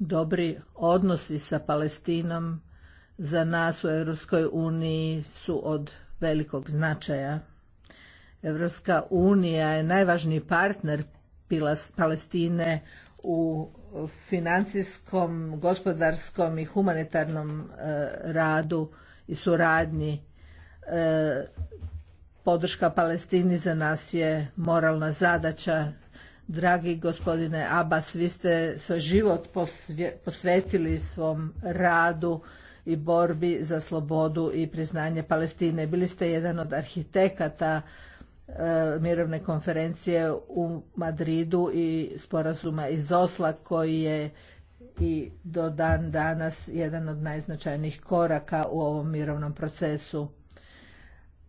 Dobri odnosi sa Palestinom za nas u Europskoj uniji su od velikog značaja. Europska unija je najvažniji partner Palestine u financijskom, gospodarskom i humanitarnom e, radu i suradnji. E, podrška Palestini za nas je moralna zadaća Dragi gospodine Abas, vi ste svoj život posvetili svom radu i borbi za slobodu i priznanje Palestine. Bili ste jedan od arhitekata e, mirovne konferencije u Madridu i sporazuma iz Osla koji je i do dan danas jedan od najznačajnijih koraka u ovom mirovnom procesu.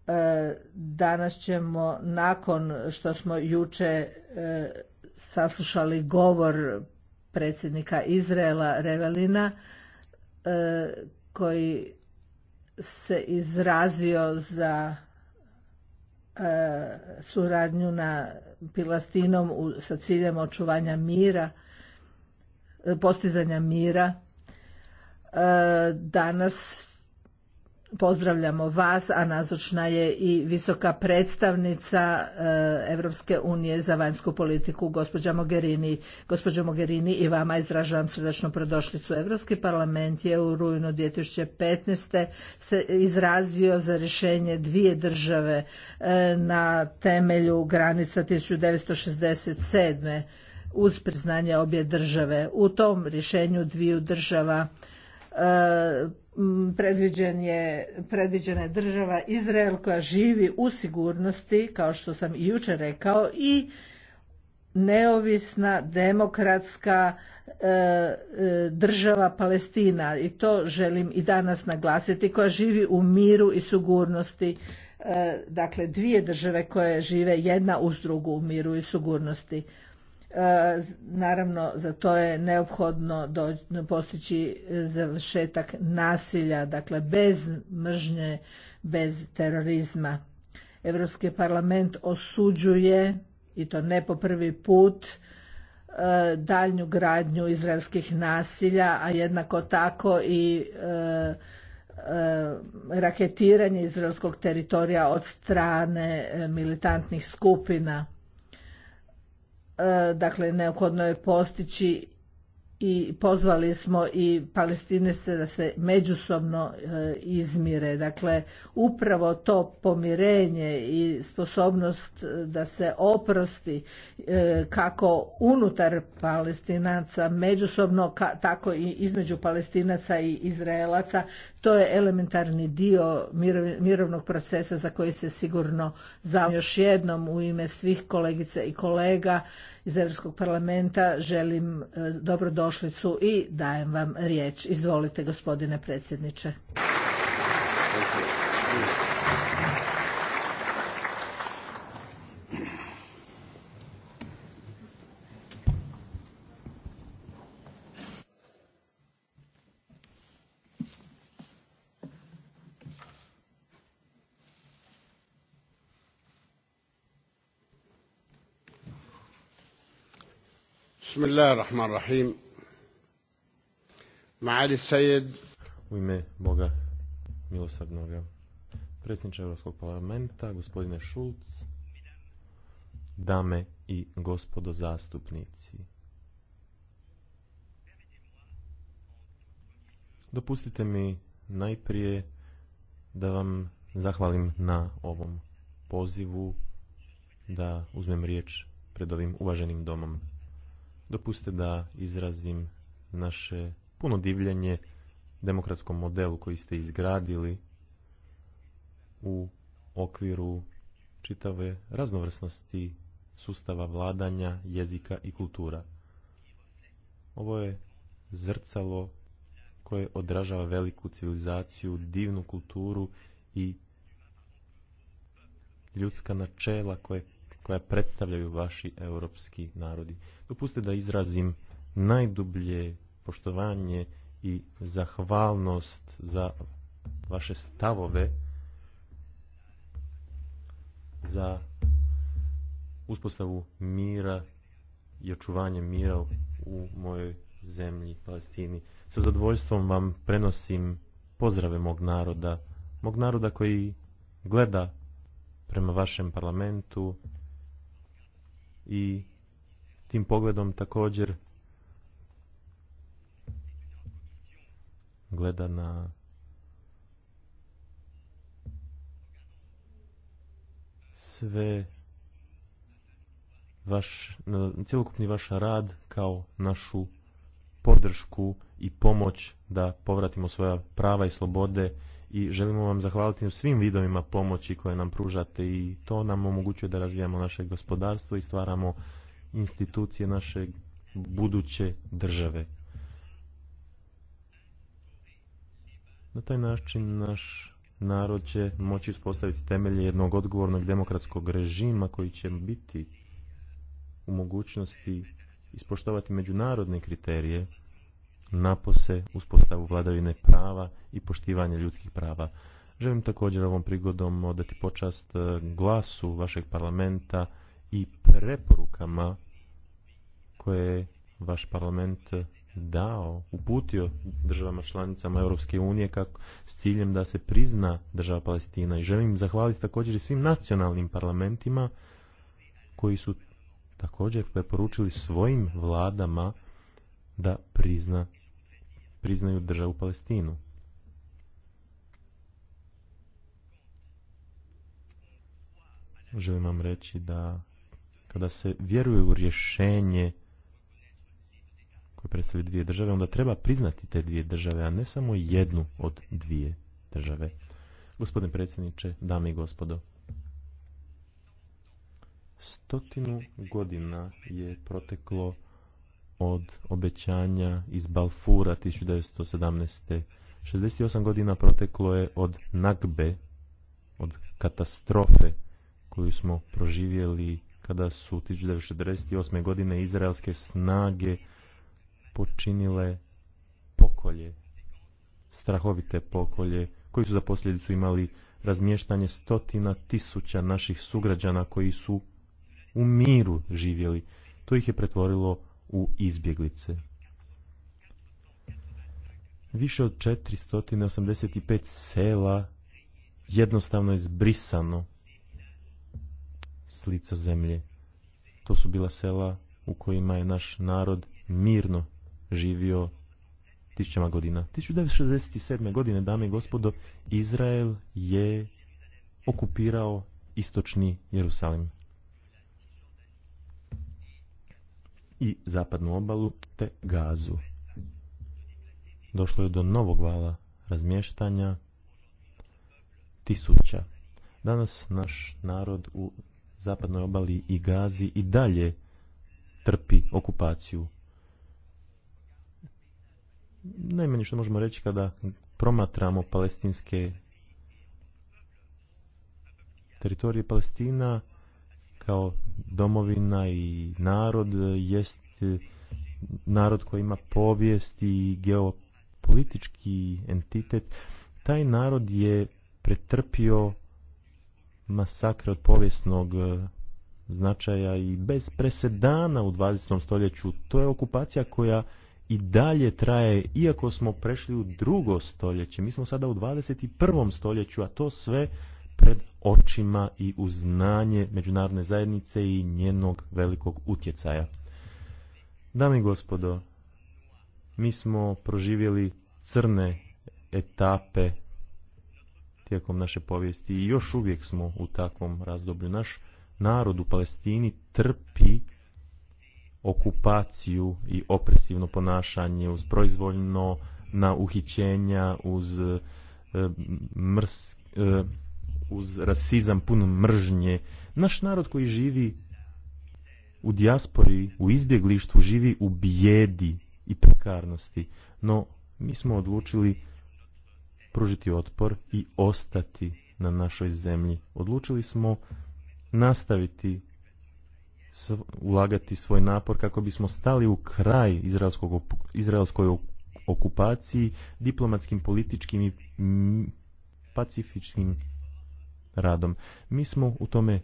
E, danas ćemo nakon što smo juče e, saslušali govor predsjednika Izraela Revelina e, koji se izrazio za e, suradnju na Pilastinom sa ciljem očuvanja mira, e, postizanja mira. Danas Pozdravljamo vas, a nazočna je i visoka predstavnica Europske eh, unije za vanjsku politiku, gospođa Mogherini. Gospođa Mogherini, i vama izražavam srdačnu prodošlicu. Europski parlament je u rujnu 2015. se izrazio za rješenje dvije države eh, na temelju granica 1967. uz priznanje obje države. U tom rješenju dviju država eh, je, predviđena je država Izrael koja živi u sigurnosti, kao što sam i jučer rekao, i neovisna demokratska e, e, država Palestina i to želim i danas naglasiti koja živi u miru i sigurnosti e, dakle dvije države koje žive jedna uz drugu u miru i sigurnosti E, naravno, za to je neophodno postići e, završetak nasilja, dakle bez mržnje, bez terorizma. Europski parlament osuđuje, i to ne po prvi put, e, daljnju gradnju izraelskih nasilja, a jednako tako i raketiranje izraelskog teritorija od strane militantnih skupina. E, dakle neophodno je postići i pozvali smo i palestince da se međusobno e, izmire. Dakle, upravo to pomirenje i sposobnost e, da se oprosti e, kako unutar palestinaca, međusobno tako i između palestinaca i izraelaca, to je elementarni dio mirovnog procesa za koji se sigurno za još jednom u ime svih kolegica i kolega iz Europskog parlamenta želim e, dobrodošlicu i dajem vam riječ. Izvolite gospodine predsjedniče. u ime Boga milosrdnoga predsjedniče Europskog parlamenta gospodine Šulc dame i gospodo zastupnici dopustite mi najprije da vam zahvalim na ovom pozivu da uzmem riječ pred ovim uvaženim domom Dopustite da izrazim naše puno divljenje demokratskom modelu koji ste izgradili u okviru čitave raznovrsnosti sustava vladanja, jezika i kultura. Ovo je zrcalo koje odražava veliku civilizaciju, divnu kulturu i ljudska načela koje koja predstavljaju vaši europski narodi. Dopustite da izrazim najdublje poštovanje i zahvalnost za vaše stavove za uspostavu mira i očuvanje mira u mojoj zemlji Palestini. Sa zadovoljstvom vam prenosim pozdrave mog naroda, mog naroda koji gleda prema vašem parlamentu, i tim pogledom također gleda na sve vaš, cjelokupni vaš rad kao našu podršku i pomoć da povratimo svoja prava i slobode i želimo vam zahvaliti u svim vidovima pomoći koje nam pružate i to nam omogućuje da razvijamo naše gospodarstvo i stvaramo institucije naše buduće države. Na taj način naš narod će moći uspostaviti temelje jednog odgovornog demokratskog režima koji će biti u mogućnosti ispoštovati međunarodne kriterije napose uspostavu vladavine prava i poštivanje ljudskih prava. Želim također ovom prigodom odati počast e, glasu vašeg parlamenta i preporukama koje je vaš parlament dao, uputio državama članicama Europske unije kako, s ciljem da se prizna država Palestina i želim zahvaliti također i svim nacionalnim parlamentima koji su također preporučili svojim vladama da prizna priznaju državu Palestinu. Želim vam reći da kada se vjeruje u rješenje koje predstavlja dvije države, onda treba priznati te dvije države, a ne samo jednu od dvije države. Gospodine predsjedniče, dame i gospodo, stotinu godina je proteklo od obećanja iz Balfura 1917. 68 godina proteklo je od nagbe, od katastrofe koju smo proživjeli kada su 1948. godine izraelske snage počinile pokolje, strahovite pokolje, koji su za posljedicu imali razmještanje stotina tisuća naših sugrađana koji su u miru živjeli. To ih je pretvorilo u izbjeglice. Više od 485 sela jednostavno je zbrisano s lica zemlje. To su bila sela u kojima je naš narod mirno živio tisućama godina. 1967. godine, dame i gospodo, Izrael je okupirao istočni Jerusalim. i zapadnu obalu te gazu. Došlo je do novog vala razmještanja tisuća. Danas naš narod u zapadnoj obali i gazi i dalje trpi okupaciju. Najmanje što možemo reći kada promatramo palestinske teritorije Palestina kao domovina i narod e, jest e, narod koji ima povijest i geopolitički entitet. Taj narod je pretrpio masakre od povijesnog e, značaja i bez presedana u 20. stoljeću. To je okupacija koja i dalje traje, iako smo prešli u drugo stoljeće. Mi smo sada u 21. stoljeću, a to sve pred očima i uznanje međunarodne zajednice i njenog velikog utjecaja. Dame i gospodo, mi smo proživjeli crne etape tijekom naše povijesti i još uvijek smo u takvom razdoblju. Naš narod u Palestini trpi okupaciju i opresivno ponašanje uz proizvoljno na uhićenja, uz e, eh, mrs, eh, uz rasizam puno mržnje. Naš narod koji živi u dijaspori, u izbjeglištvu, živi u bijedi i prekarnosti. No, mi smo odlučili pružiti otpor i ostati na našoj zemlji. Odlučili smo nastaviti ulagati svoj napor kako bismo stali u kraj izraelskoj okupaciji, diplomatskim, političkim i pacifičkim radom. Mi smo u tome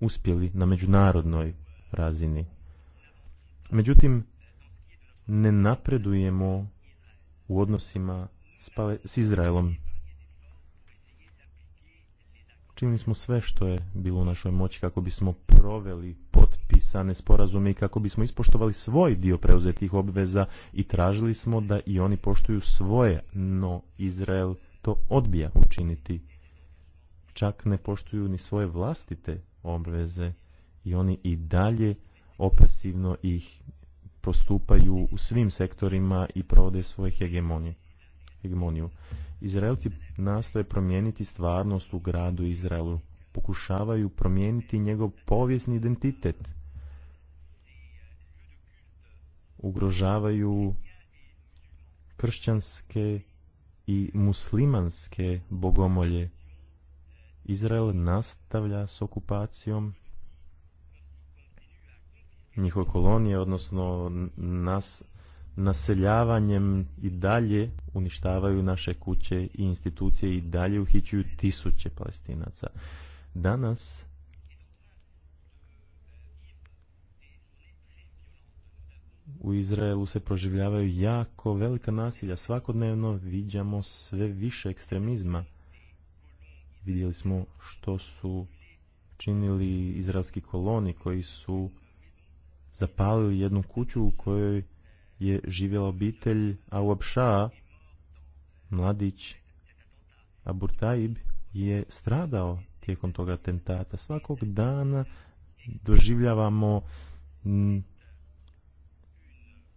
uspjeli na međunarodnoj razini. Međutim, ne napredujemo u odnosima s Izraelom. Činili smo sve što je bilo u našoj moći kako bismo proveli potpisane sporazume i kako bismo ispoštovali svoj dio preuzetih obveza i tražili smo da i oni poštuju svoje, no Izrael to odbija učiniti čak ne poštuju ni svoje vlastite obveze i oni i dalje opresivno ih postupaju u svim sektorima i provode svoje hegemonije. hegemoniju. Izraelci nastoje promijeniti stvarnost u gradu Izraelu. Pokušavaju promijeniti njegov povijesni identitet. Ugrožavaju kršćanske i muslimanske bogomolje Izrael nastavlja s okupacijom njihove kolonije, odnosno nas, naseljavanjem i dalje uništavaju naše kuće i institucije i dalje uhićuju tisuće palestinaca. Danas u Izraelu se proživljavaju jako velika nasilja. Svakodnevno viđamo sve više ekstremizma. Vidjeli smo što su činili izraelski koloni koji su zapalili jednu kuću u kojoj je živjela obitelj Awabša, mladić Aburtaib je stradao tijekom toga atentata. Svakog dana doživljavamo mm,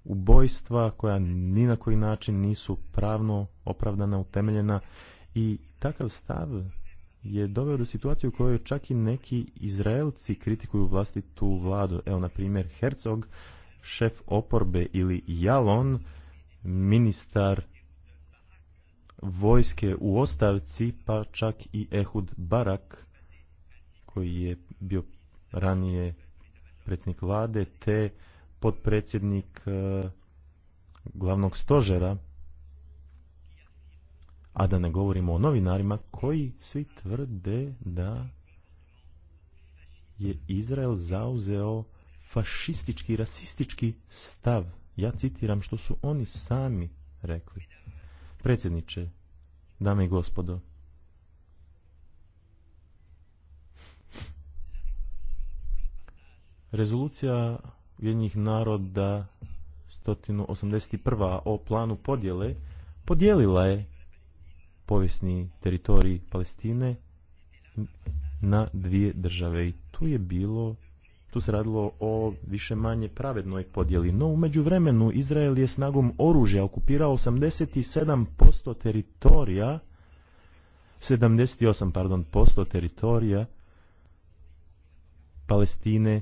ubojstva koja ni na koji način nisu pravno opravdana, utemeljena i takav stav je doveo do situacije u kojoj čak i neki Izraelci kritikuju vlastitu vladu. Evo, na primjer, Herzog, šef oporbe ili Jalon, ministar vojske u ostavci, pa čak i Ehud Barak, koji je bio ranije predsjednik vlade, te podpredsjednik eh, glavnog stožera a da ne govorimo o novinarima koji svi tvrde da je Izrael zauzeo fašistički, rasistički stav. Ja citiram što su oni sami rekli. Predsjedniče, dame i gospodo, rezolucija Ujedinjih naroda 181. o planu podjele podijelila je povijesni teritorij Palestine na dvije države i tu je bilo tu se radilo o više manje pravednoj podjeli. No, u međuvremenu Izrael je snagom oružja okupirao 87% teritorija, 78, pardon, posto teritorija Palestine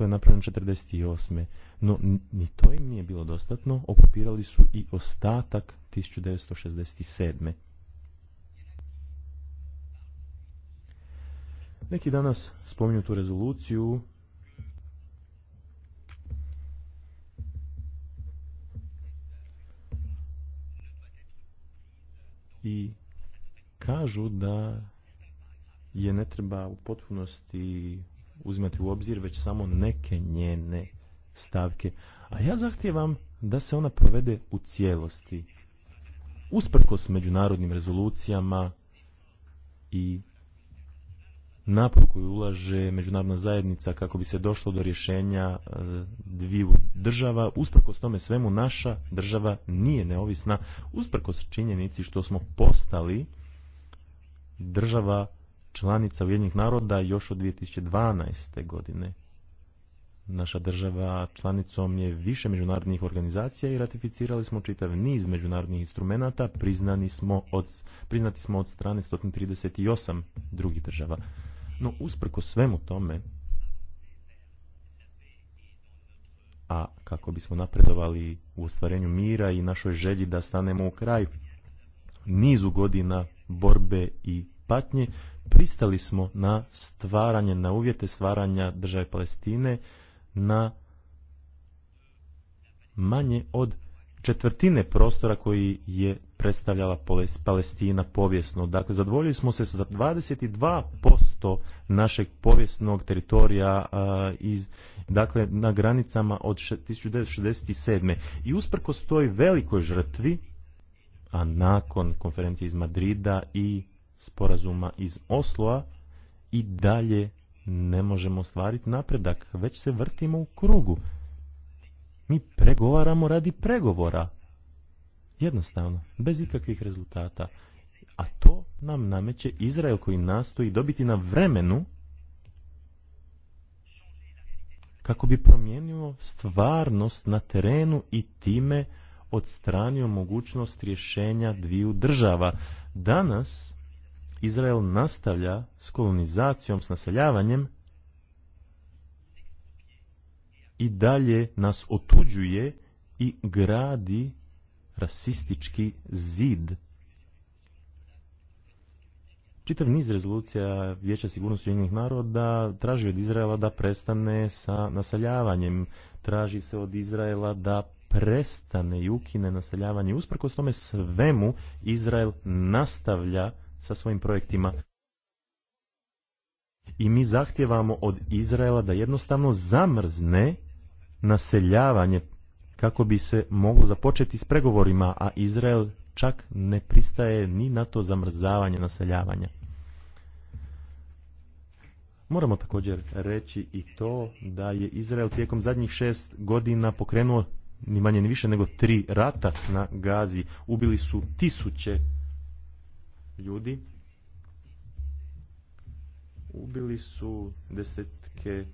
to je napravljeno 1948. No, ni to im nije bilo dostatno, okupirali su i ostatak 1967. Neki danas spominju tu rezoluciju. I kažu da je ne treba u potpunosti uzimati u obzir već samo neke njene stavke. A ja zahtijevam da se ona provede u cijelosti. Usprkos međunarodnim rezolucijama i napor ulaže međunarodna zajednica kako bi se došlo do rješenja e, dviju država. Usprkos tome svemu naša država nije neovisna, usprkos činjenici što smo postali država članica Ujedinjenih naroda još od 2012. godine. Naša država članicom je više međunarodnih organizacija i ratificirali smo čitav niz međunarodnih instrumenata, priznani smo od, priznati smo od strane 138 drugih država. No, usprko svemu tome, a kako bismo napredovali u ostvarenju mira i našoj želji da stanemo u kraj nizu godina borbe i patnje pristali smo na stvaranje, na uvjete stvaranja države Palestine na manje od četvrtine prostora koji je predstavljala Palestina povijesno. Dakle, zadovoljili smo se za 22% našeg povijesnog teritorija iz, dakle, na granicama od 1967. I usprko toj velikoj žrtvi, a nakon konferencije iz Madrida i sporazuma iz Osloa i dalje ne možemo ostvariti napredak, već se vrtimo u krugu. Mi pregovaramo radi pregovora. Jednostavno, bez ikakvih rezultata. A to nam nameće Izrael koji nastoji dobiti na vremenu kako bi promijenio stvarnost na terenu i time odstranio mogućnost rješenja dviju država. Danas Izrael nastavlja s kolonizacijom, s naseljavanjem i dalje nas otuđuje i gradi rasistički zid. Čitav niz rezolucija Vijeća sigurnosti Ujedinjenih naroda traži od Izraela da prestane sa naseljavanjem, traži se od Izraela da prestane i ukine naseljavanje. Usprkos tome svemu Izrael nastavlja sa svojim projektima. I mi zahtjevamo od Izraela da jednostavno zamrzne naseljavanje kako bi se moglo započeti s pregovorima, a Izrael čak ne pristaje ni na to zamrzavanje naseljavanja. Moramo također reći i to da je Izrael tijekom zadnjih šest godina pokrenuo ni manje ni više nego tri rata na Gazi. Ubili su tisuće ljudi. Ubili su desetke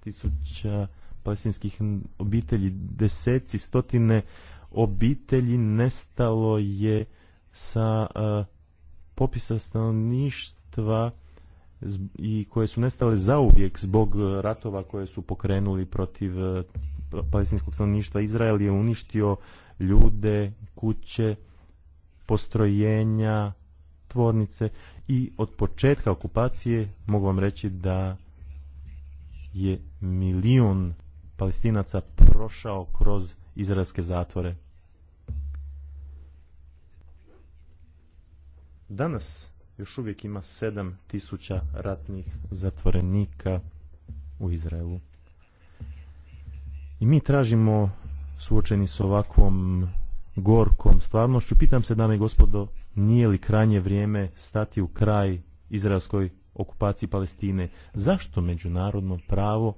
tisuća palestinskih obitelji, deseci, stotine obitelji nestalo je sa popisa stanovništva i koje su nestale zauvijek zbog ratova koje su pokrenuli protiv palestinskog stanovništva. Izrael je uništio ljude, kuće, postrojenja, tvornice i od početka okupacije mogu vam reći da je milijun palestinaca prošao kroz izraelske zatvore. Danas još uvijek ima 7000 ratnih zatvorenika u Izraelu. I mi tražimo suočeni s ovakvom gorkom stvarnošću. Pitam se, dame i gospodo, nije li krajnje vrijeme stati u kraj izraelskoj okupaciji Palestine? Zašto međunarodno pravo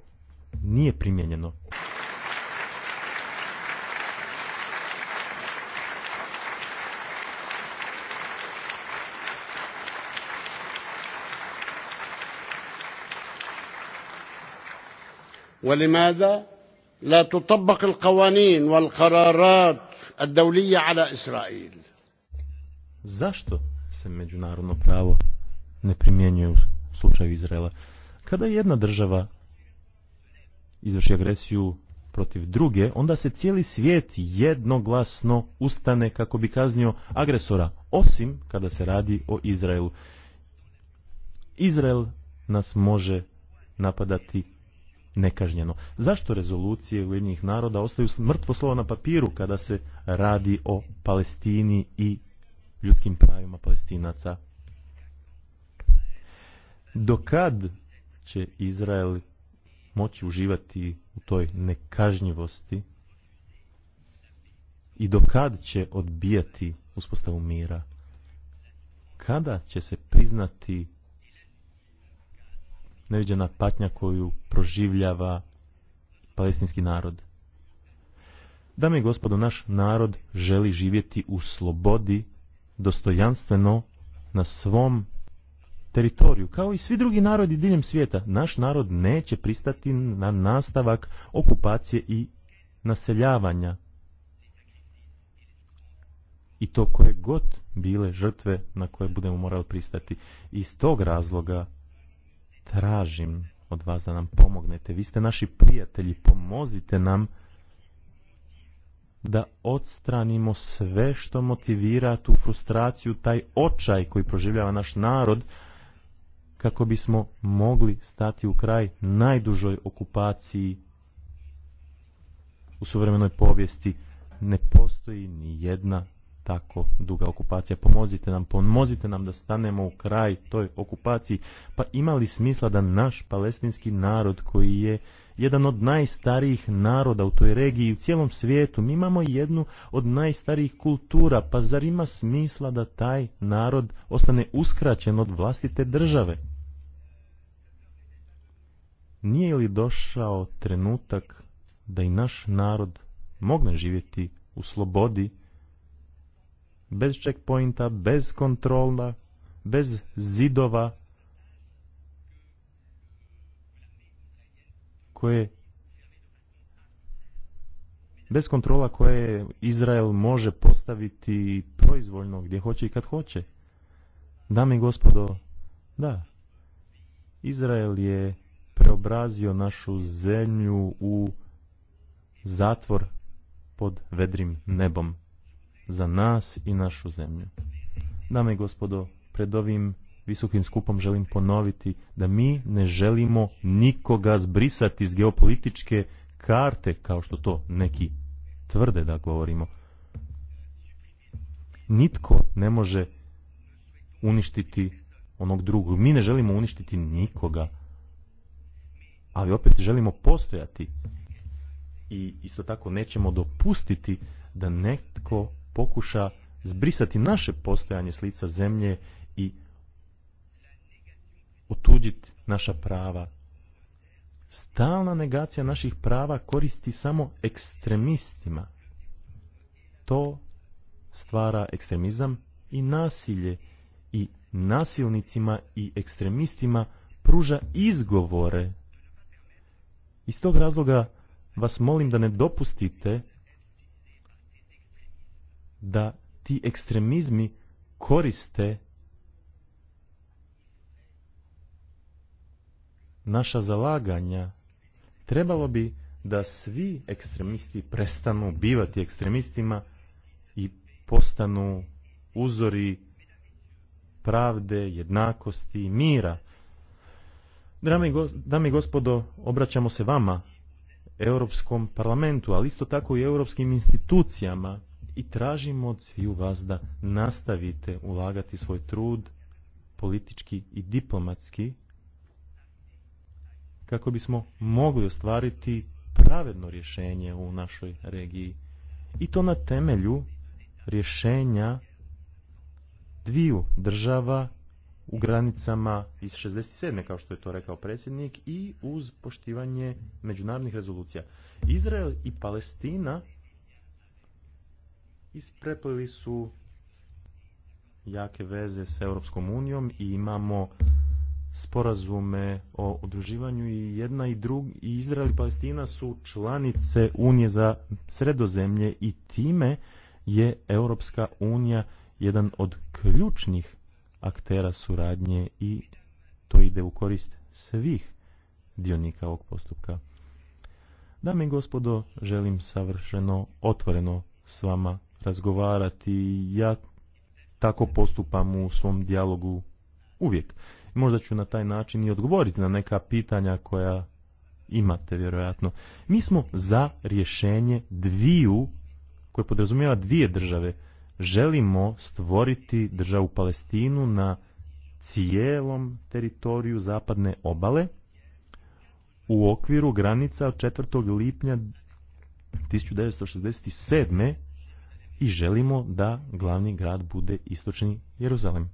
nije primijenjeno? ولماذا لا تطبق القوانين والقرارات على Zašto se međunarodno pravo ne primjenjuje u slučaju Izraela? Kada jedna država izvrši agresiju protiv druge, onda se cijeli svijet jednoglasno ustane kako bi kaznio agresora, osim kada se radi o Izraelu. Izrael nas može napadati nekažnjeno. Zašto rezolucije Ujedinjenih naroda ostaju mrtvo slovo na papiru kada se radi o Palestini i ljudskim pravima palestinaca? Dokad će Izrael moći uživati u toj nekažnjivosti i dokad će odbijati uspostavu mira? Kada će se priznati neviđena patnja koju proživljava palestinski narod. Dame i gospodo, naš narod želi živjeti u slobodi, dostojanstveno, na svom teritoriju, kao i svi drugi narodi diljem svijeta. Naš narod neće pristati na nastavak okupacije i naseljavanja. I to koje god bile žrtve na koje budemo morali pristati. Iz tog razloga tražim od vas da nam pomognete. Vi ste naši prijatelji, pomozite nam da odstranimo sve što motivira tu frustraciju, taj očaj koji proživljava naš narod, kako bismo mogli stati u kraj najdužoj okupaciji u suvremenoj povijesti. Ne postoji ni jedna tako duga okupacija. Pomozite nam, pomozite nam da stanemo u kraj toj okupaciji. Pa ima li smisla da naš palestinski narod koji je jedan od najstarijih naroda u toj regiji u cijelom svijetu, mi imamo jednu od najstarijih kultura, pa zar ima smisla da taj narod ostane uskraćen od vlastite države? Nije li došao trenutak da i naš narod mogne živjeti u slobodi bez checkpointa, bez kontrola, bez zidova koje bez kontrola koje Izrael može postaviti proizvoljno gdje hoće i kad hoće. Dame i gospodo, da, Izrael je preobrazio našu zemlju u zatvor pod vedrim nebom za nas i našu zemlju. Dame i gospodo, pred ovim visokim skupom želim ponoviti da mi ne želimo nikoga zbrisati iz geopolitičke karte, kao što to neki tvrde da govorimo. Nitko ne može uništiti onog drugog. Mi ne želimo uništiti nikoga, ali opet želimo postojati i isto tako nećemo dopustiti da netko pokuša zbrisati naše postojanje s lica zemlje i otuđiti naša prava. Stalna negacija naših prava koristi samo ekstremistima. To stvara ekstremizam i nasilje i nasilnicima i ekstremistima pruža izgovore. Iz tog razloga vas molim da ne dopustite da ti ekstremizmi koriste naša zalaganja. Trebalo bi da svi ekstremisti prestanu bivati ekstremistima i postanu uzori pravde, jednakosti i mira. Dame i gospodo, obraćamo se vama, Europskom parlamentu, ali isto tako i europskim institucijama i tražimo od sviju vas da nastavite ulagati svoj trud politički i diplomatski kako bismo mogli ostvariti pravedno rješenje u našoj regiji i to na temelju rješenja dviju država u granicama iz 67. kao što je to rekao predsjednik i uz poštivanje međunarodnih rezolucija. Izrael i Palestina ispreplili su jake veze s Europskom unijom i imamo sporazume o udruživanju i jedna i druga. i Izrael i Palestina su članice Unije za sredozemlje i time je Europska unija jedan od ključnih aktera suradnje i to ide u korist svih dionika ovog postupka. Dame i gospodo, želim savršeno otvoreno s vama razgovarati. Ja tako postupam u svom dijalogu uvijek. Možda ću na taj način i odgovoriti na neka pitanja koja imate vjerojatno. Mi smo za rješenje dviju koje podrazumijeva dvije države. Želimo stvoriti državu Palestinu na cijelom teritoriju zapadne obale u okviru granica od 4. lipnja 1967 i želimo da glavni grad bude istočni Jeruzalem,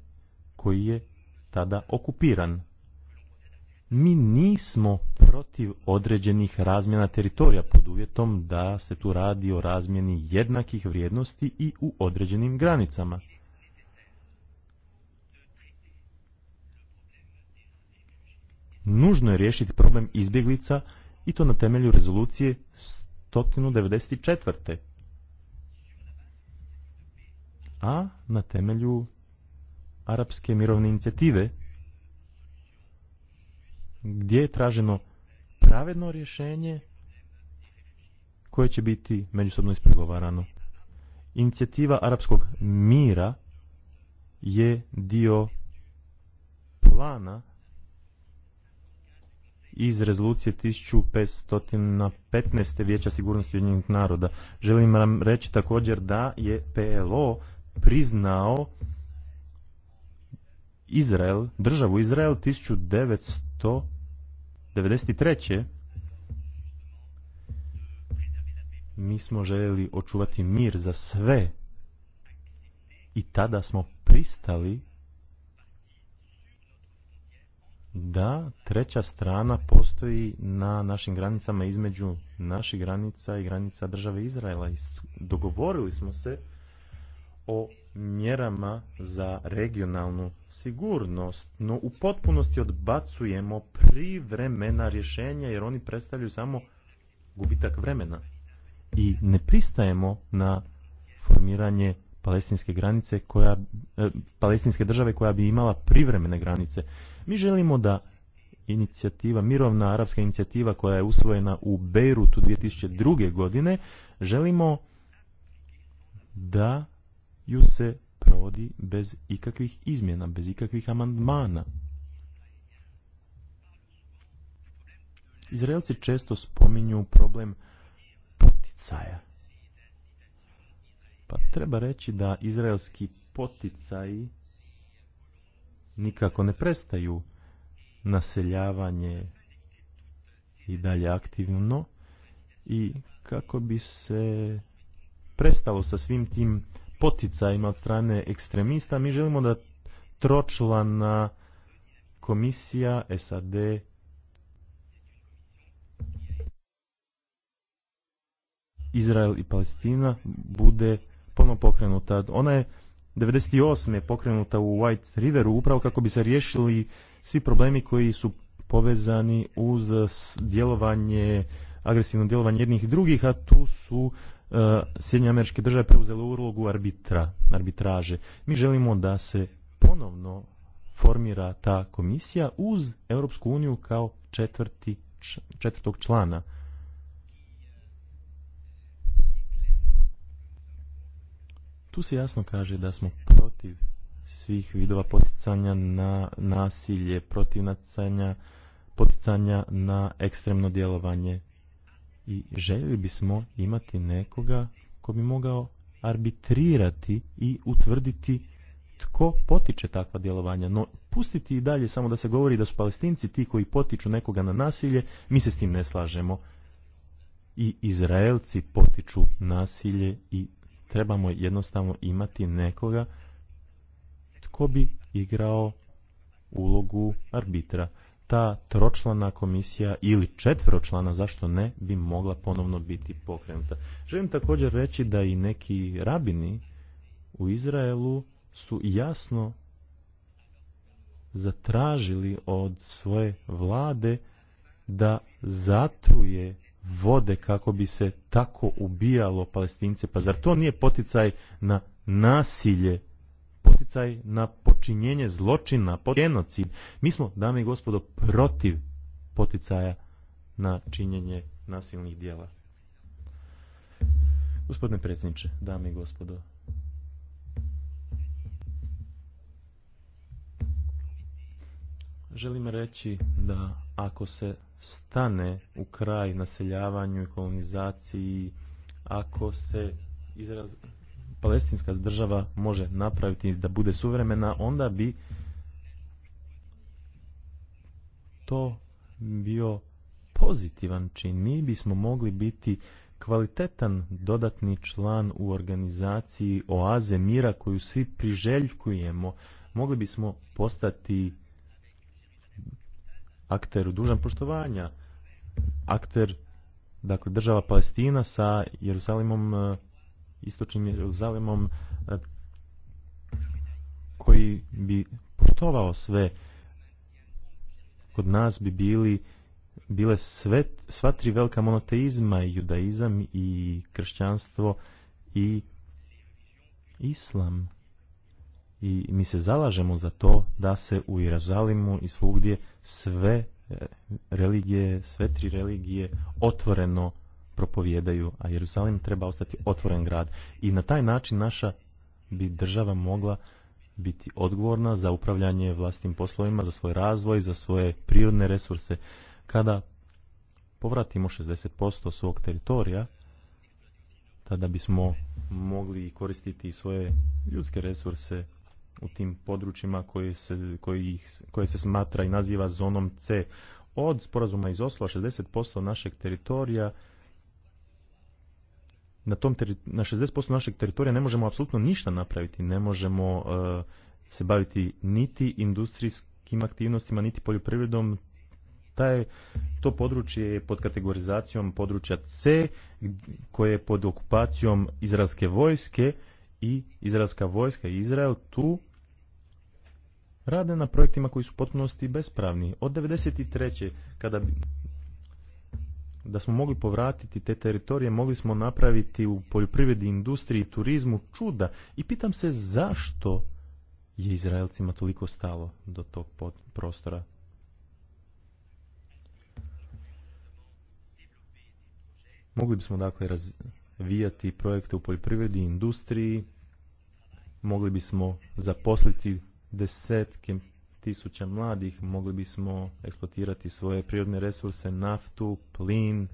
koji je tada okupiran. Mi nismo protiv određenih razmjena teritorija pod uvjetom da se tu radi o razmjeni jednakih vrijednosti i u određenim granicama. Nužno je riješiti problem izbjeglica i to na temelju rezolucije 194 a na temelju arapske mirovne inicijative gdje je traženo pravedno rješenje koje će biti međusobno ispregovarano. Inicijativa arapskog mira je dio plana iz rezolucije 1515. Vijeća sigurnosti jednog naroda. Želim vam reći također da je PLO priznao Izrael, državu Izrael 1993. Mi smo željeli očuvati mir za sve i tada smo pristali da treća strana postoji na našim granicama između naših granica i granica države Izraela. Dogovorili smo se o mjerama za regionalnu sigurnost, no u potpunosti odbacujemo privremena rješenja jer oni predstavljaju samo gubitak vremena i ne pristajemo na formiranje palestinske granice koja, e, palestinske države koja bi imala privremene granice. Mi želimo da inicijativa, mirovna arapska inicijativa koja je usvojena u Beirutu 2002. godine, želimo da ju se provodi bez ikakvih izmjena, bez ikakvih amandmana. Izraelci često spominju problem poticaja. Pa treba reći da izraelski poticaji nikako ne prestaju naseljavanje i dalje aktivno i kako bi se prestalo sa svim tim poticajima od strane ekstremista, mi želimo da tročlana komisija SAD Izrael i Palestina bude ponovno pokrenuta. Ona je 98. Je pokrenuta u White Riveru upravo kako bi se riješili svi problemi koji su povezani uz djelovanje, agresivno djelovanje jednih i drugih, a tu su Eh, Sjedinje američke države preuzele ulogu arbitra, arbitraže. Mi želimo da se ponovno formira ta komisija uz Europsku uniju kao četvrti, četvrtog člana. Tu se jasno kaže da smo protiv svih vidova poticanja na nasilje, protiv poticanja na ekstremno djelovanje i željeli bismo imati nekoga ko bi mogao arbitrirati i utvrditi tko potiče takva djelovanja. No, pustiti i dalje samo da se govori da su palestinci ti koji potiču nekoga na nasilje, mi se s tim ne slažemo. I Izraelci potiču nasilje i trebamo jednostavno imati nekoga tko bi igrao ulogu arbitra ta tročlana komisija ili četveročlana, zašto ne, bi mogla ponovno biti pokrenuta. Želim također reći da i neki rabini u Izraelu su jasno zatražili od svoje vlade da zatruje vode kako bi se tako ubijalo palestince. Pa zar to nije poticaj na nasilje poticaj na počinjenje zločina, genocid. Mi smo, dame i gospodo, protiv poticaja na činjenje nasilnih dijela. Gospodine predsjedniče, dame i gospodo, želim reći da ako se stane u kraj naseljavanju i kolonizaciji, ako se izraz palestinska država može napraviti da bude suvremena, onda bi to bio pozitivan čin. Mi bismo mogli biti kvalitetan dodatni član u organizaciji oaze mira koju svi priželjkujemo. Mogli bismo postati akter dužan poštovanja, akter dakle, država Palestina sa Jerusalimom eh, istočnim Jeruzalemom e, koji bi poštovao sve kod nas bi bili bile sve, sva tri velika monoteizma i judaizam i kršćanstvo i islam i mi se zalažemo za to da se u Jeruzalemu i svugdje sve e, religije, sve tri religije otvoreno propovijedaju, a Jerusalim treba ostati otvoren grad. I na taj način naša bi država mogla biti odgovorna za upravljanje vlastnim poslovima, za svoj razvoj, za svoje prirodne resurse. Kada povratimo 60% svog teritorija, tada bismo mogli koristiti svoje ljudske resurse u tim područjima koje se, koje se smatra i naziva zonom C. Od sporazuma iz oslova 60% našeg teritorija na, tom na 60% našeg teritorija ne možemo apsolutno ništa napraviti, ne možemo eh, se baviti niti industrijskim aktivnostima, niti poljoprivredom. Taj, to područje je pod kategorizacijom područja C, koje je pod okupacijom izraelske vojske i izraelska vojska i Izrael tu rade na projektima koji su potpunosti bespravni. Od 1993. kada da smo mogli povratiti te teritorije, mogli smo napraviti u poljoprivredi, industriji, turizmu čuda. I pitam se zašto je Izraelcima toliko stalo do tog prostora. Mogli bismo dakle razvijati projekte u poljoprivredi, industriji, mogli bismo zaposliti desetke tisuća mladih mogli bismo eksploatirati svoje prirodne resurse, naftu, plin.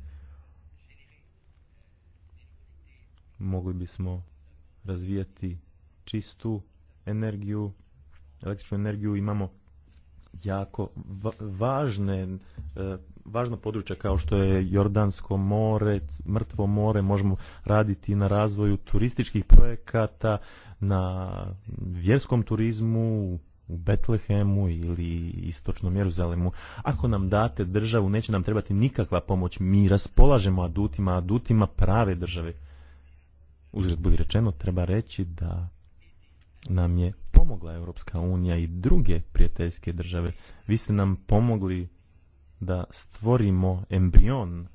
Mogli bismo razvijati čistu energiju, električnu energiju. Imamo jako važne, e, važno područje kao što je Jordansko more, Mrtvo more, možemo raditi na razvoju turističkih projekata, na vjerskom turizmu, u Betlehemu ili istočnom Jeruzalemu. Ako nam date državu, neće nam trebati nikakva pomoć. Mi raspolažemo adutima, adutima prave države. Uzred budi rečeno, treba reći da nam je pomogla Europska unija i druge prijateljske države. Vi ste nam pomogli da stvorimo embrion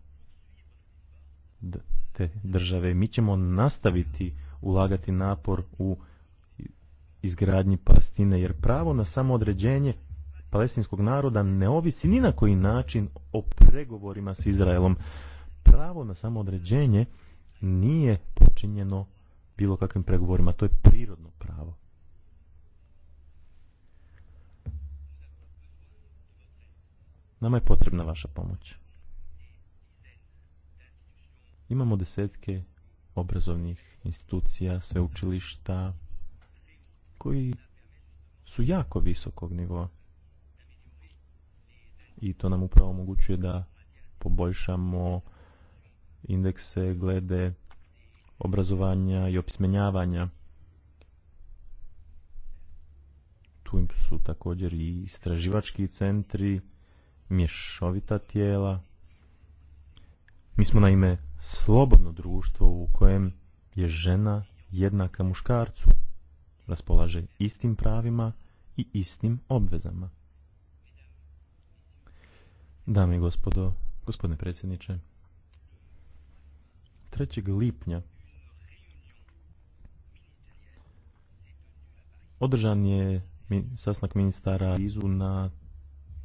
te države. Mi ćemo nastaviti ulagati napor u izgradnji Palestine, jer pravo na samoodređenje palestinskog naroda ne ovisi ni na koji način o pregovorima s Izraelom. Pravo na samoodređenje nije počinjeno bilo kakvim pregovorima, to je prirodno pravo. Nama je potrebna vaša pomoć. Imamo desetke obrazovnih institucija, sveučilišta, koji su jako visokog nivoa. I to nam upravo omogućuje da poboljšamo indekse glede obrazovanja i opismenjavanja. Tu su također i istraživački centri, mješovita tijela. Mi smo naime slobodno društvo u kojem je žena jednaka muškarcu raspolaže istim pravima i istim obvezama. Dame i gospodo, gospodine predsjedniče, 3. lipnja održan je sastanak ministara Izu na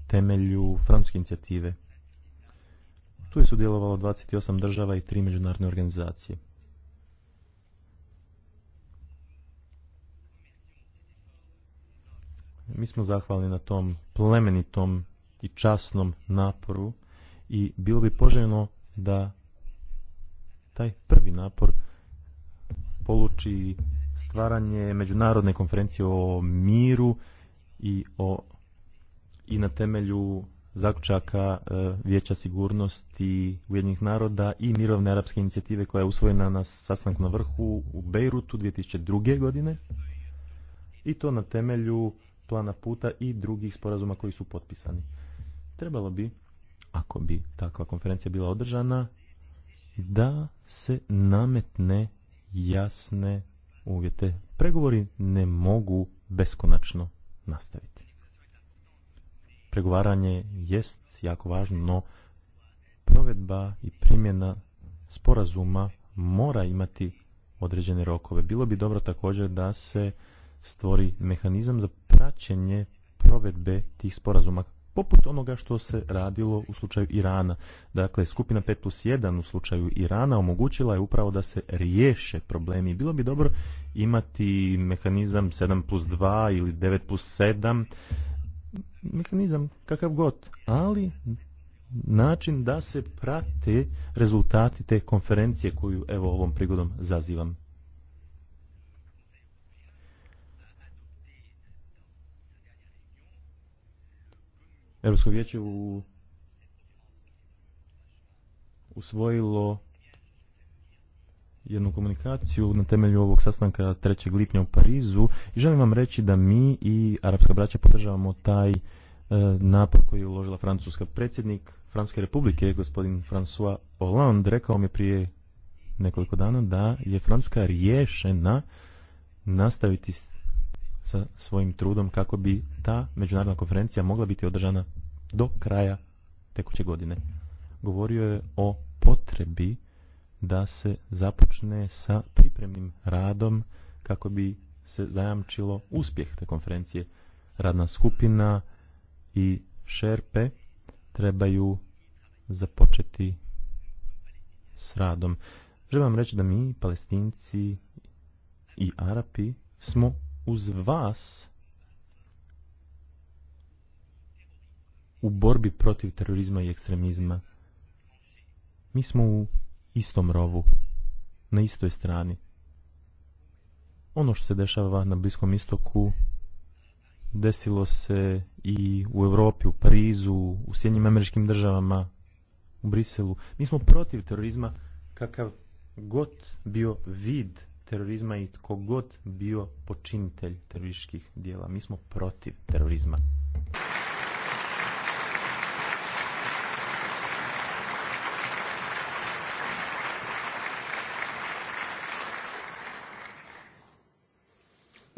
temelju francuske inicijative. Tu je sudjelovalo 28 država i tri međunarodne organizacije. Mi smo zahvalni na tom plemenitom i časnom naporu i bilo bi poželjno da taj prvi napor poluči stvaranje međunarodne konferencije o miru i o i na temelju zaključaka e, Vijeća sigurnosti Ujedinjenih naroda i mirovne arapske inicijative koja je usvojena na sastanku na vrhu u Bejrutu 2002. godine i to na temelju plana puta i drugih sporazuma koji su potpisani. Trebalo bi, ako bi takva konferencija bila održana, da se nametne jasne uvjete. Pregovori ne mogu beskonačno nastaviti. Pregovaranje jest jako važno, no provedba i primjena sporazuma mora imati određene rokove. Bilo bi dobro također da se stvori mehanizam za praćenje provedbe tih sporazuma, poput onoga što se radilo u slučaju Irana. Dakle, skupina 5 plus 1 u slučaju Irana omogućila je upravo da se riješe problemi. Bilo bi dobro imati mehanizam 7 plus 2 ili 9 plus 7, mehanizam kakav god, ali način da se prate rezultati te konferencije koju evo ovom prigodom zazivam. Europsko vijeće u, usvojilo jednu komunikaciju na temelju ovog sastanka 3. lipnja u Parizu i želim vam reći da mi i Arapska braća podržavamo taj e, napor koji je uložila Francuska. Predsjednik Francuske republike, gospodin François Hollande, rekao mi prije nekoliko dana da je Francuska riješena nastaviti sa svojim trudom kako bi ta međunarodna konferencija mogla biti održana do kraja tekuće godine. Govorio je o potrebi da se započne sa pripremnim radom kako bi se zajamčilo uspjeh te konferencije. Radna skupina i šerpe trebaju započeti s radom. Želim vam reći da mi, palestinci i Arapi, smo uz vas u borbi protiv terorizma i ekstremizma. Mi smo u istom rovu, na istoj strani. Ono što se dešava na Bliskom istoku desilo se i u Europi, u Parizu, u Sjednjim američkim državama, u Briselu. Mi smo protiv terorizma kakav god bio vid terorizma i tko god bio počinitelj terorističkih dijela. Mi smo protiv terorizma.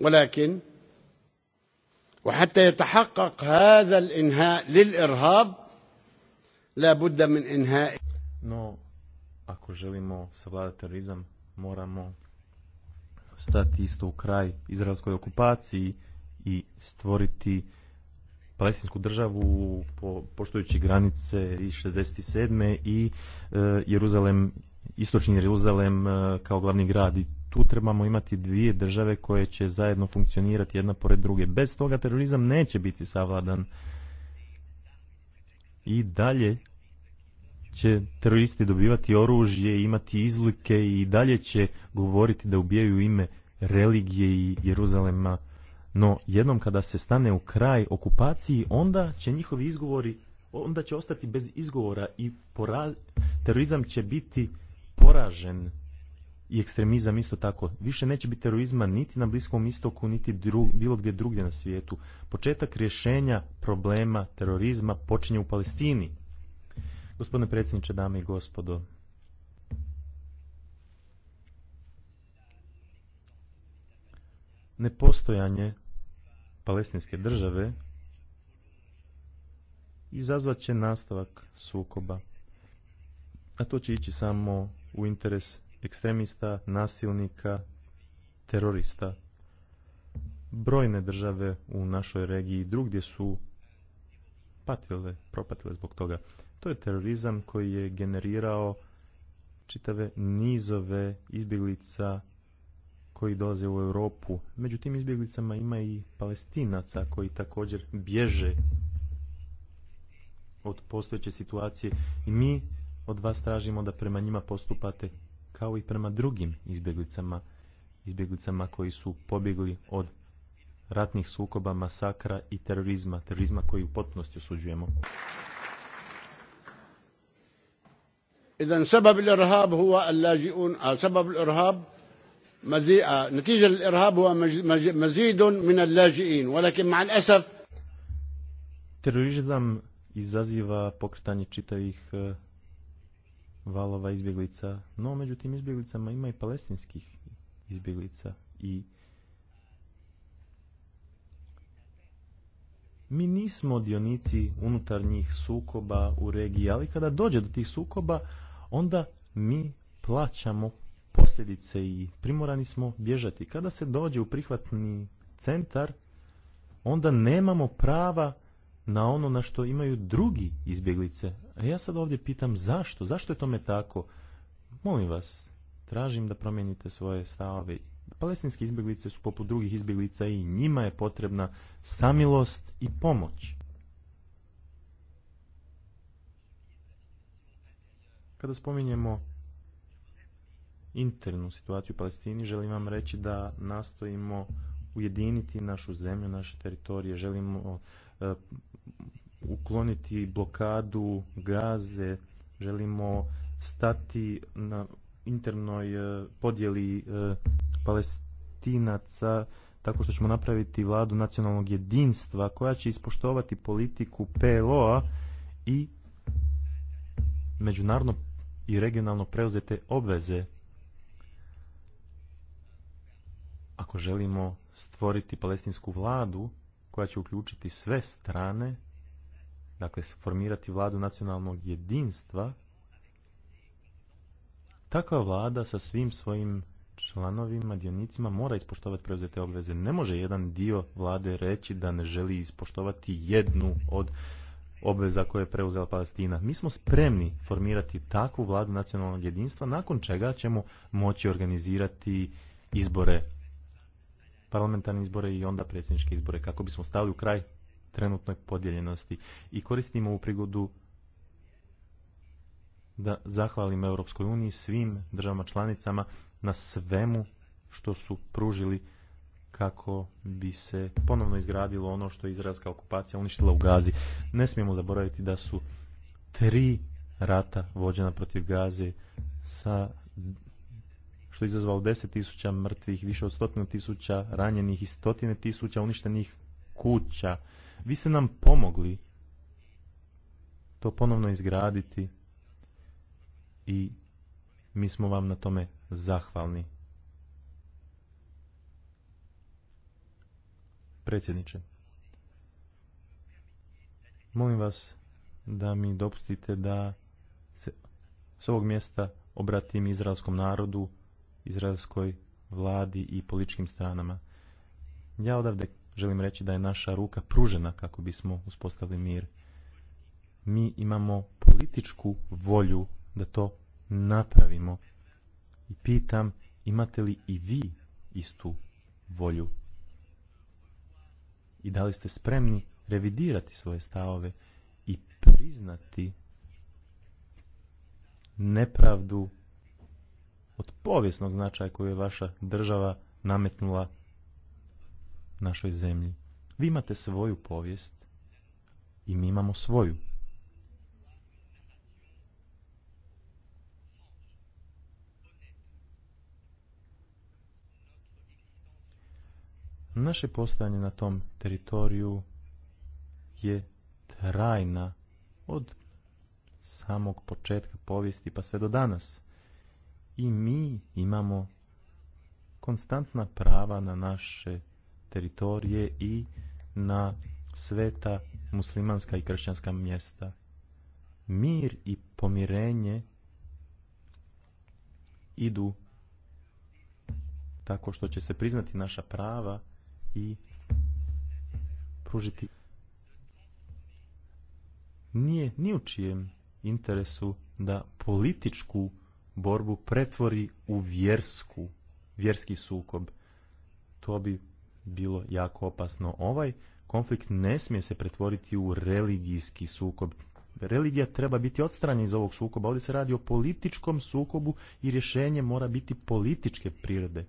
ولكن وحتى يتحقق هذا الانهاء للارهاب لا من انهاء no ako želimo savladati terorizam moramo stati isto u kraj izraelskoj okupaciji i stvoriti palestinsku državu po, poštujući granice iz 67. i e, Jeruzalem, istočni Jeruzalem e, kao glavni grad i tu trebamo imati dvije države koje će zajedno funkcionirati jedna pored druge. Bez toga terorizam neće biti savladan i dalje će teroristi dobivati oružje, imati izlike i dalje će govoriti da ubijaju ime religije i Jeruzalema. No, jednom kada se stane u kraj okupaciji, onda će njihovi izgovori, onda će ostati bez izgovora i terorizam će biti poražen i ekstremizam isto tako. Više neće biti terorizma niti na Bliskom istoku, niti dru... bilo gdje drugdje na svijetu. Početak rješenja problema terorizma počinje u Palestini. Gospodine predsjedniče, dame i gospodo, nepostojanje palestinske države izazvat će nastavak sukoba. A to će ići samo u interes ekstremista, nasilnika, terorista. Brojne države u našoj regiji drugdje su patile, propatile zbog toga. To je terorizam koji je generirao čitave nizove izbjeglica koji dolaze u Europu. Među tim izbjeglicama ima i palestinaca koji također bježe od postojeće situacije i mi od vas tražimo da prema njima postupate kao i prema drugim izbjeglicama, izbjeglicama koji su pobjegli od ratnih sukoba, masakra i terorizma, terorizma koji u potpunosti osuđujemo. إذا سبب الإرهاب هو اللاجئون سبب الإرهاب مزي... نتيجة الإرهاب هو مج... مزيد من اللاجئين ولكن Terorizam izaziva pokretanje čitavih valova izbjeglica, no među tim izbjeglicama ima i palestinskih izbjeglica i mi nismo dionici unutarnjih sukoba u regiji, ali kada dođe do tih sukoba, onda mi plaćamo posljedice i primorani smo bježati. Kada se dođe u prihvatni centar, onda nemamo prava na ono na što imaju drugi izbjeglice. A ja sad ovdje pitam zašto? Zašto je tome tako? Molim vas, tražim da promijenite svoje stavove. Palestinske izbjeglice su poput drugih izbjeglica i njima je potrebna samilost i pomoć. Kada spominjemo internu situaciju u Palestini, želim vam reći da nastojimo ujediniti našu zemlju, naše teritorije, želimo e, ukloniti blokadu gaze, želimo stati na internoj e, podjeli e, palestinaca tako što ćemo napraviti vladu nacionalnog jedinstva koja će ispoštovati politiku PLO-a i međunarodno i regionalno preuzete obveze ako želimo stvoriti palestinsku vladu koja će uključiti sve strane, dakle formirati vladu nacionalnog jedinstva, takva vlada sa svim svojim članovima, dionicima mora ispoštovati preuzete obveze. Ne može jedan dio vlade reći da ne želi ispoštovati jednu od obveza koje je preuzela Palestina. Mi smo spremni formirati takvu vladu nacionalnog jedinstva, nakon čega ćemo moći organizirati izbore, parlamentarne izbore i onda predsjedničke izbore, kako bismo stali u kraj trenutnoj podijeljenosti. I koristimo ovu prigodu da zahvalim Europskoj uniji svim državama članicama na svemu što su pružili kako bi se ponovno izgradilo ono što je izraelska okupacija uništila u Gazi. Ne smijemo zaboraviti da su tri rata vođena protiv Gaze sa što je izazvalo tisuća mrtvih, više od tisuća ranjenih i stotine tisuća uništenih kuća. Vi ste nam pomogli to ponovno izgraditi i mi smo vam na tome zahvalni. predsjedniče. Molim vas da mi dopustite da se s ovog mjesta obratim izraelskom narodu, izraelskoj vladi i političkim stranama. Ja odavde želim reći da je naša ruka pružena kako bismo uspostavili mir. Mi imamo političku volju da to napravimo. I pitam, imate li i vi istu volju? i da li ste spremni revidirati svoje stavove i priznati nepravdu od povijesnog značaja koju je vaša država nametnula našoj zemlji. Vi imate svoju povijest i mi imamo svoju. Naše postojanje na tom teritoriju je trajna od samog početka povijesti pa sve do danas. I mi imamo konstantna prava na naše teritorije i na sveta muslimanska i kršćanska mjesta. Mir i pomirenje idu tako što će se priznati naša prava i pružiti. Nije ni u čijem interesu da političku borbu pretvori u vjersku, vjerski sukob. To bi bilo jako opasno. Ovaj konflikt ne smije se pretvoriti u religijski sukob. Religija treba biti odstranjena iz ovog sukoba. Ovdje se radi o političkom sukobu i rješenje mora biti političke prirode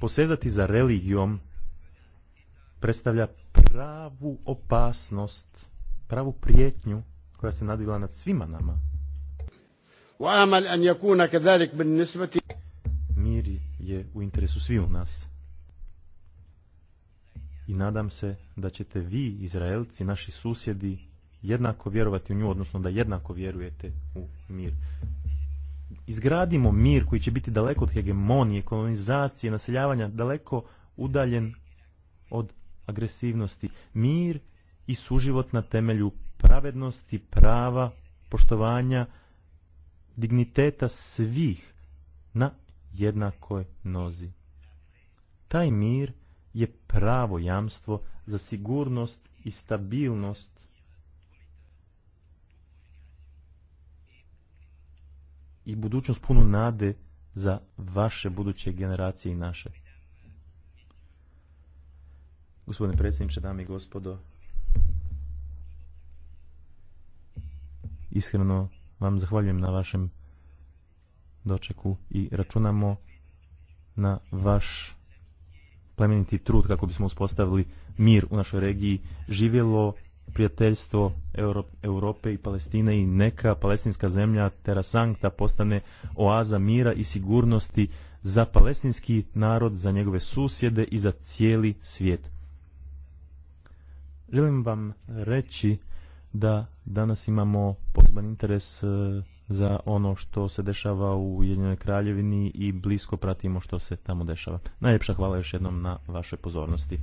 posezati za religijom predstavlja pravu opasnost, pravu prijetnju koja se nadila nad svima nama. Mir je u interesu u nas. I nadam se da ćete vi, Izraelci, naši susjedi, jednako vjerovati u nju, odnosno da jednako vjerujete u mir izgradimo mir koji će biti daleko od hegemonije, kolonizacije, naseljavanja, daleko udaljen od agresivnosti. Mir i suživot na temelju pravednosti, prava, poštovanja, digniteta svih na jednakoj nozi. Taj mir je pravo jamstvo za sigurnost i stabilnost i budućnost punu nade za vaše buduće generacije i naše. Gospodine predsjedniče, dame i gospodo, iskreno vam zahvaljujem na vašem dočeku i računamo na vaš plemeniti trud kako bismo uspostavili mir u našoj regiji. Živjelo prijateljstvo Europe i Palestine i neka palestinska zemlja Terasankta postane oaza mira i sigurnosti za palestinski narod, za njegove susjede i za cijeli svijet. Želim vam reći da danas imamo poseban interes e, za ono što se dešava u Ujedinjenoj kraljevini i blisko pratimo što se tamo dešava. Najljepša hvala još jednom na vašoj pozornosti.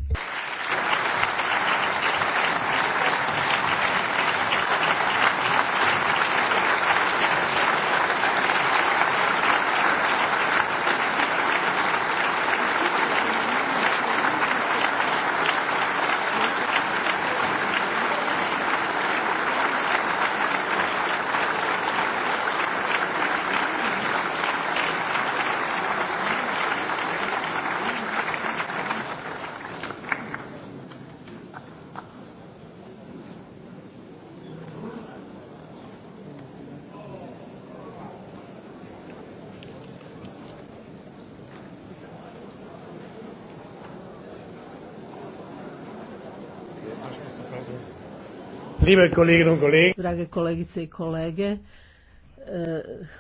Drage kolegice i kolege, e,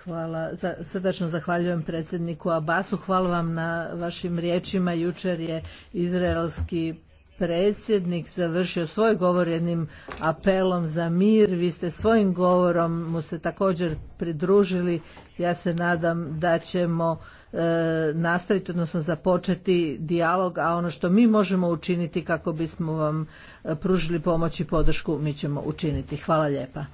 hvala, srdačno zahvaljujem predsjedniku Abasu, hvala vam na vašim riječima, jučer je izraelski predsjednik završio svoj govor jednim apelom za mir. Vi ste svojim govorom mu se također pridružili. Ja se nadam da ćemo e, nastaviti, odnosno započeti dijalog, a ono što mi možemo učiniti kako bismo vam e, pružili pomoć i podršku, mi ćemo učiniti. Hvala lijepa.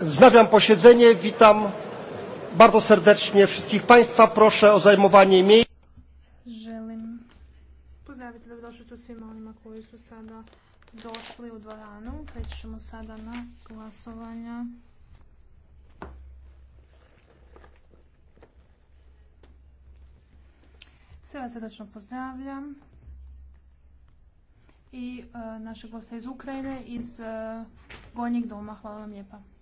Wznawiam posiedzenie. Witam bardzo serdecznie wszystkich Państwa. Proszę o zajmowanie miejsc. Želim pozdraviti dobrodošlicu svima onima koji su sada došli u dvoranu. Preći ćemo sada na glasovanja. Sve vas srdačno pozdravljam. I e, naše goste iz Ukrajine, iz Gojnik e, Gornjeg doma. Hvala vam lijepa.